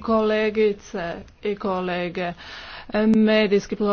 kolegice i kolege medijski pluralizam